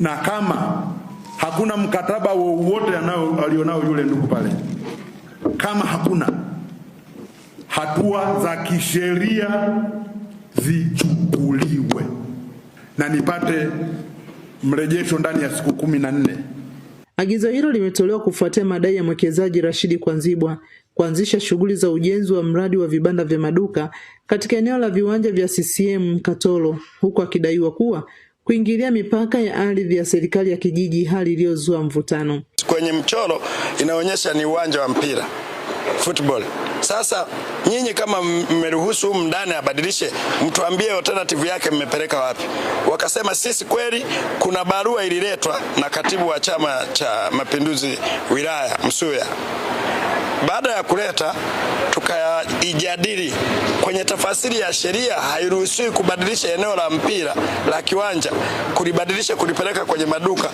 na kama hakuna mkataba wowote alionao yule ndugu pale, kama hakuna hatua za kisheria zichukuliwe na nipate mrejesho ndani ya siku kumi na nne. Agizo hilo limetolewa kufuatia madai ya mwekezaji Rashidi Kwanzibwa kuanzisha shughuli za ujenzi wa mradi wa vibanda vya maduka katika eneo la viwanja vya CCM Katoro, huku akidaiwa kuwa kuingilia mipaka ya ardhi ya serikali ya kijiji, hali iliyozua mvutano. Kwenye mchoro inaonyesha ni uwanja wa mpira football. Sasa nyinyi kama mmeruhusu humu ndani abadilishe, mtuambie alternative yake mmepeleka wapi? Wakasema sisi kweli kuna barua ililetwa na katibu wa Chama cha Mapinduzi wilaya Msuya. Baada ya kuleta tukaijadili kwenye tafasiri ya sheria, hairuhusiwi kubadilisha eneo la mpira la kiwanja, kulibadilisha kulipeleka kwenye maduka,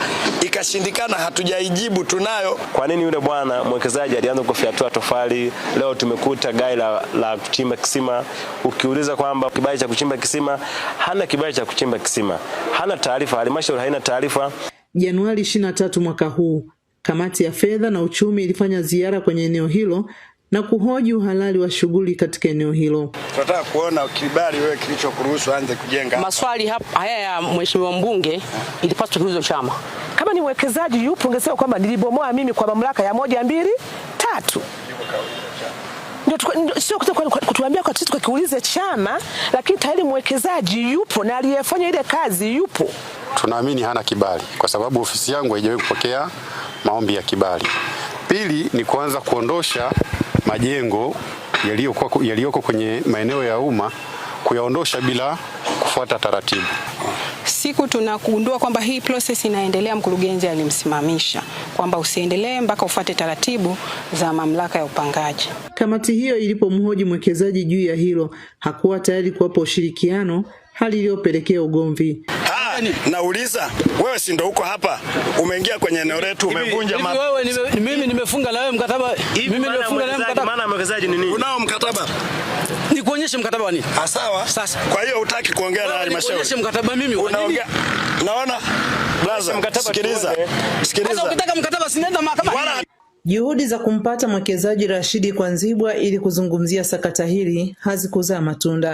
ikashindikana. Hatujaijibu, tunayo. Kwa nini yule bwana mwekezaji alianza kufyatua tofali? Leo tumekuta gai la, la kuchimba kisima, ukiuliza kwamba kibali cha kuchimba kisima, hana kibali cha kuchimba kisima, hana taarifa, halmashauri haina taarifa. Januari 23 mwaka huu Kamati ya Fedha na Uchumi ilifanya ziara kwenye eneo hilo na kuhoji uhalali wa shughuli katika eneo hilo. Tunataka kuona kibali wewe kilichokuruhusu anze kujenga. Maswali hapa haya ya mheshimiwa mbunge ilipaswa kuulizwa chama. Kama ni mwekezaji yupo, ungesema kwamba nilibomoa mimi kwa mamlaka ya moja mbili tatu sio kutuambia kwa sisi tukakiulize chama, lakini tayari mwekezaji yupo na aliyefanya ile kazi yupo. Tunaamini hana kibali, kwa sababu ofisi yangu haijawahi kupokea maombi ya kibali. Pili ni kuanza kuondosha majengo yaliyoko yaliyoko kwenye maeneo ya umma kuyaondosha bila kufuata taratibu. Siku tunagundua kwamba hii process inaendelea, mkurugenzi alimsimamisha kwamba usiendelee mpaka ufuate taratibu za mamlaka ya upangaji. Kamati hiyo ilipomhoji mwekezaji juu ya hilo, hakuwa tayari kuwapa ushirikiano, hali iliyopelekea ugomvi. Yaani, nauliza wewe, si ndio uko hapa, umeingia kwenye eneo letu, umevunja mimi. wewe mimi Nimefunga na wewe mkataba, mimi nimefunga na wewe mkataba. Maana mwekezaji ni nini? Unao mkataba ni kuonyesha mkataba wa nini? Ah, sawa. Sasa kwa hiyo hutaki kuongea na halmashauri, kuonyesha mkataba mimi wa nini? Naona blaza, sikiliza, sikiliza. Sasa ukitaka mkataba sinaenda mahakamani. Juhudi za kumpata mwekezaji Rashidi Kwanzibwa ili kuzungumzia sakata hili hazikuzaa matunda.